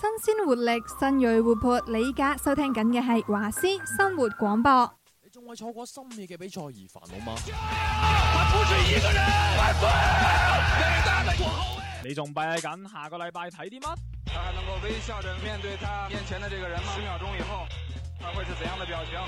新鮮活力，新銳活潑，李家收聽緊嘅係華師生活廣播。你仲為錯過深夜嘅比賽而煩惱嗎？Oh, 他不是一個人 oh. 你仲拜緊下個禮拜睇啲乜？他還能夠微笑着面對他面前嘅呢個人嗎？十秒鐘以後，他會係怎樣嘅表情？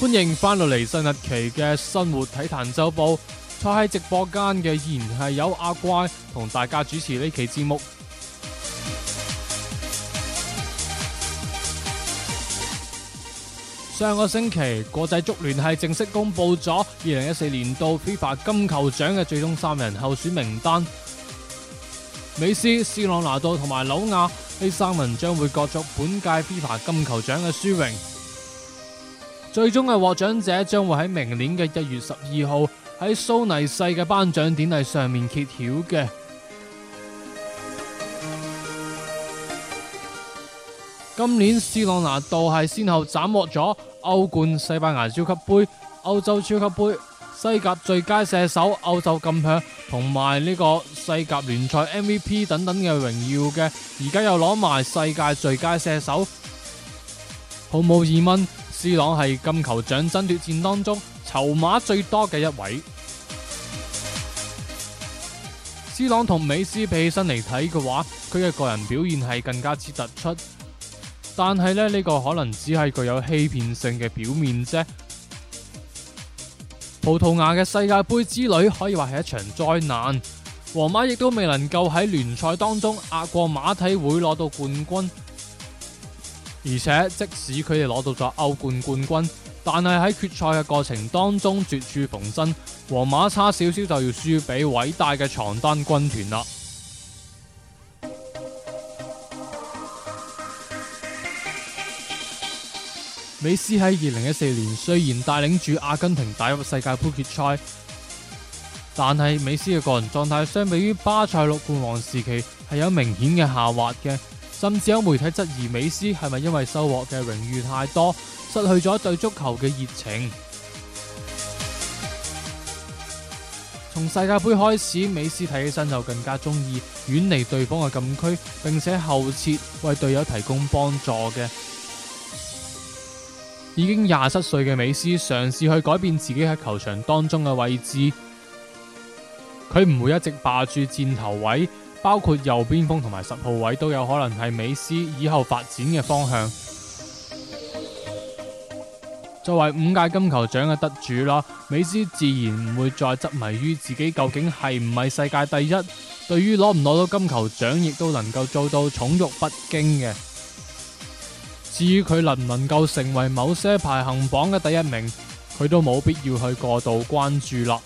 歡迎翻到嚟新日期嘅生活體壇週報，坐喺直播間嘅依然係有阿怪同大家主持呢期節目。上個星期，國際足聯係正式公布咗二零一四年度 FIFA 金球獎嘅最終三人候選名單，美斯、C 朗拿度同埋紐亞呢三人將會角逐本屆 FIFA 金球獎嘅殊榮。最終嘅獲獎者將會喺明年嘅一月十二號喺蘇尼世嘅頒獎典禮上面揭曉嘅。今年 C 朗拿度係先後斬獲咗歐冠、西班牙超級杯、歐洲超級杯、西甲最佳射手、歐洲金靴同埋呢個西甲聯賽 MVP 等等嘅榮耀嘅，而家又攞埋世界最佳射手。毫無疑問，C 朗係金球獎爭奪戰當中籌碼最多嘅一位。C 朗同美斯比起身嚟睇嘅話，佢嘅個人表現係更加之突出。但係呢，呢、呢個可能只係具有欺騙性嘅表面啫。葡萄牙嘅世界杯之旅可以話係一場災難。皇馬亦都未能夠喺聯賽當中壓過馬體會攞到冠軍。而且，即使佢哋攞到咗歐冠冠軍，但係喺決賽嘅過程當中絕處逢生，皇馬差少少就要輸俾偉大嘅床單軍團啦。美斯喺二零一四年雖然帶領住阿根廷打入世界杯決賽，但係美斯嘅個人狀態相比於巴塞六冠王時期係有明顯嘅下滑嘅。甚至有媒體質疑美斯係咪因為收穫嘅榮譽太多，失去咗對足球嘅熱情。從世界杯開始，美斯睇起身就更加中意遠離對方嘅禁區，並且後撤為隊友提供幫助嘅。已經廿七歲嘅美斯嘗試去改變自己喺球場當中嘅位置，佢唔會一直霸住箭頭位。包括右邊鋒同埋十號位都有可能係美斯以後發展嘅方向。作為五屆金球獎嘅得主啦，美斯自然唔會再執迷於自己究竟係唔係世界第一。對於攞唔攞到金球獎亦都能夠做到寵辱不驚嘅。至於佢能唔能夠成為某些排行榜嘅第一名，佢都冇必要去過度關注啦。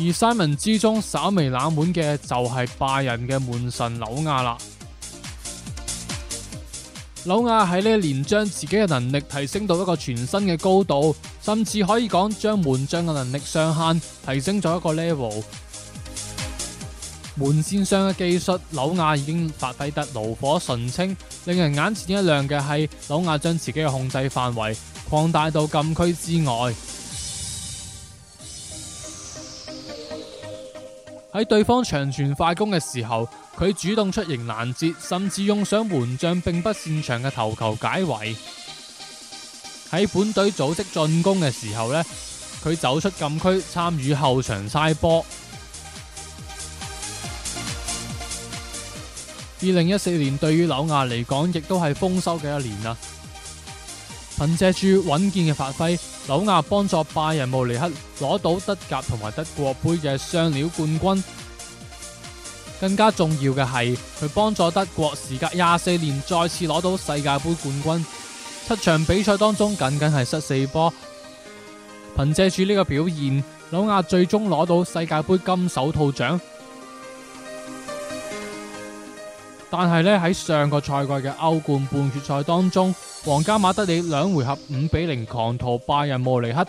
而三人之中稍微冷門嘅就係拜仁嘅門神紐亞啦。紐亞喺呢一年將自己嘅能力提升到一個全新嘅高度，甚至可以講將門將嘅能力上限提升咗一個 level。門線上嘅技術，紐亞已經發揮得爐火純青。令人眼前一亮嘅係紐亞將自己嘅控制範圍擴大到禁區之外。喺對方長傳快攻嘅時候，佢主動出迎攔截，甚至用上門將並不擅長嘅頭球解圍。喺本隊組織進攻嘅時候呢，佢走出禁區參與後場塞波。二零一四年對於紐亞嚟講，亦都係豐收嘅一年啊！憑借住穩健嘅發揮。紐亞幫助拜仁慕尼黑攞到德甲同埋德國杯嘅雙料冠軍，更加重要嘅係佢幫助德國時隔廿四年再次攞到世界杯冠軍，七場比賽當中僅僅係失四波，憑借住呢個表現，紐亞最終攞到世界杯金手套獎。但係呢，喺上個賽季嘅歐冠半決賽當中，皇家馬德里兩回合五比零狂屠拜仁慕尼黑，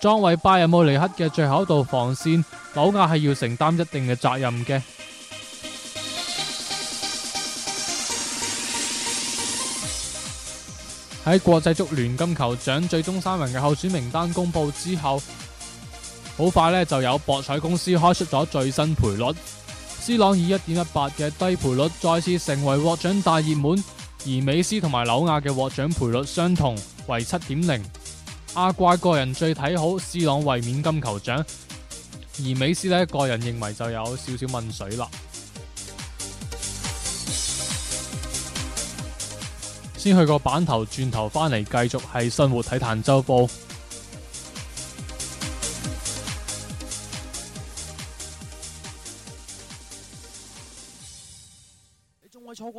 作為拜仁慕尼黑嘅最後一道防線，紐亞係要承擔一定嘅責任嘅。喺國際足聯金球獎最終三人嘅候選名單公佈之後，好快呢就有博彩公司開出咗最新賠率。斯朗以一點一八嘅低賠率再次成為獲獎大熱門，而美斯同埋紐亞嘅獲獎賠率相同，為七點零。阿怪個人最睇好斯朗衛冕金球獎，而美斯咧個人認為就有少少問水啦。先去個板頭，轉頭翻嚟繼續係新活體壇週報。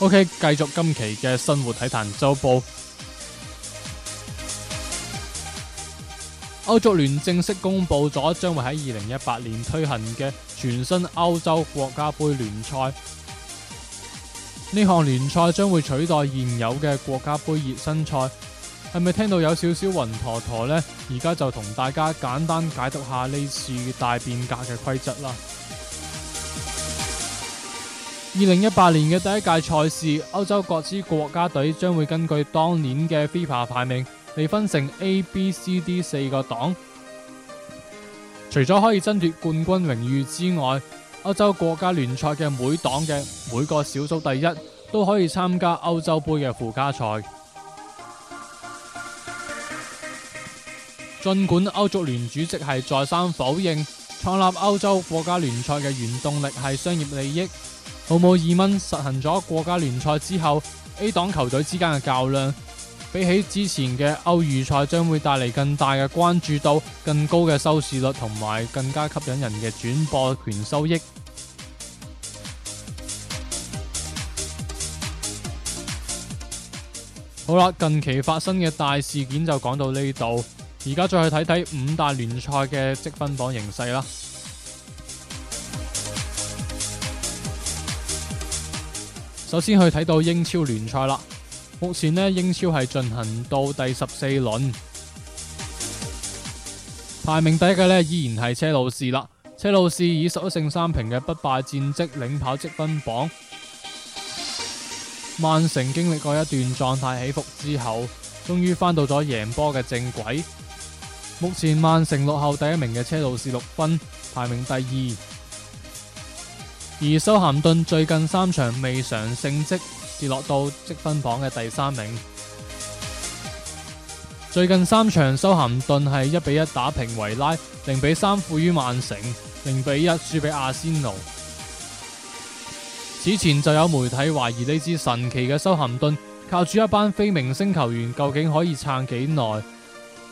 O K，繼續今期嘅生活體壇周報。歐足聯正式公布咗，將會喺二零一八年推行嘅全新歐洲國家盃聯賽。呢項聯賽將會取代現有嘅國家盃熱身賽。係咪聽到有少少雲陀陀呢？而家就同大家簡單解讀一下呢次大變革嘅規則啦。二零一八年嘅第一屆賽事，歐洲各支國家隊將會根據當年嘅 FIFA 排名嚟分成 A、B、C、D 四個檔。除咗可以爭奪冠軍榮譽之外，歐洲國家聯賽嘅每檔嘅每個小組第一都可以參加歐洲盃嘅附加賽。儘管歐足聯主席係再三否認創立歐洲國家聯賽嘅原動力係商業利益。毫無疑問實行咗國家聯賽之後，A 檔球隊之間嘅較量，比起之前嘅歐預賽，將會帶嚟更大嘅關注度、更高嘅收視率同埋更加吸引人嘅轉播權收益。好啦，近期發生嘅大事件就講到呢度，而家再去睇睇五大聯賽嘅積分榜形勢啦。首先去睇到英超聯賽啦，目前呢，英超係進行到第十四輪，排名第一嘅呢，依然係車路士啦，車路士以十一勝三平嘅不敗戰績領跑積分榜。曼城經歷過一段狀態起伏之後，終於翻到咗贏波嘅正軌。目前曼城落後第一名嘅車路士六分，排名第二。而修咸頓最近三場未嘗勝績，跌落到積分榜嘅第三名。最近三場，修咸頓係一比一打平維拉，零比三負於曼城，零比一輸俾阿仙奴。此前就有媒體懷疑呢支神奇嘅修咸頓靠住一班非明星球員，究竟可以撐幾耐？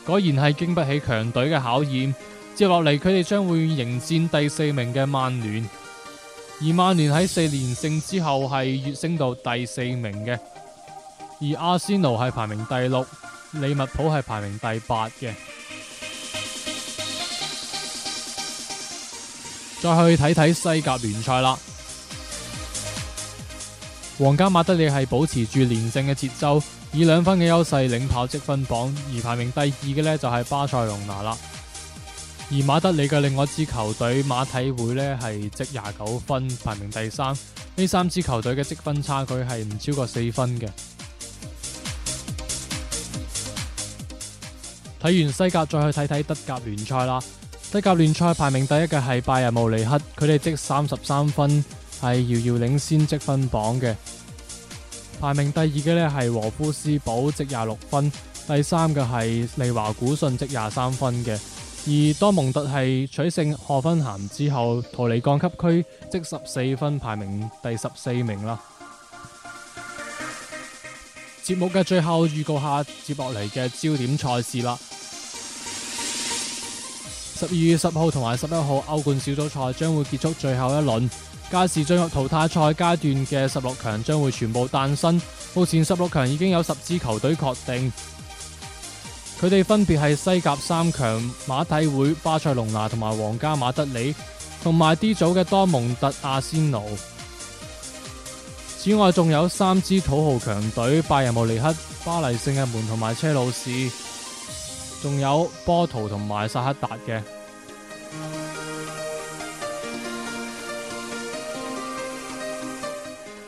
果然係經不起強隊嘅考驗。接落嚟，佢哋將會迎戰第四名嘅曼聯。而曼聯喺四連勝之後係躍升到第四名嘅，而阿仙奴係排名第六，利物浦係排名第八嘅。再去睇睇西甲聯賽啦，皇家馬德里係保持住連勝嘅節奏，以兩分嘅優勢領跑積分榜，而排名第二嘅呢，就係巴塞隆拿啦。而馬德里嘅另外一支球隊馬體會呢係積廿九分，排名第三。呢三支球隊嘅積分差距係唔超過四分嘅。睇完西甲，再去睇睇德甲聯賽啦。德甲聯賽排名第一嘅係拜仁慕尼黑，佢哋積三十三分，係遙遙領先積分榜嘅。排名第二嘅呢係和夫斯堡，積廿六分。第三嘅係利華古遜，積廿三分嘅。而多蒙特係取勝賀芬咸之後，逃離降級區，積十四分，排名第十四名啦。節目嘅最後預告下，接落嚟嘅焦點賽事啦。十二月十號同埋十一號歐冠小組賽將會結束最後一輪，屆時進入淘汰賽階段嘅十六強將會全部誕生。目前十六強已經有十支球隊確定。佢哋分別係西甲三強馬體會、巴塞隆拿同埋皇家馬德里，同埋 D 組嘅多蒙特、阿仙奴。此外，仲有三支土豪強隊拜仁慕尼黑、巴黎聖日門同埋車路士，仲有波圖同埋薩克達嘅。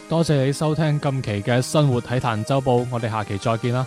多謝你收聽今期嘅《新活體壇週報》，我哋下期再見啦！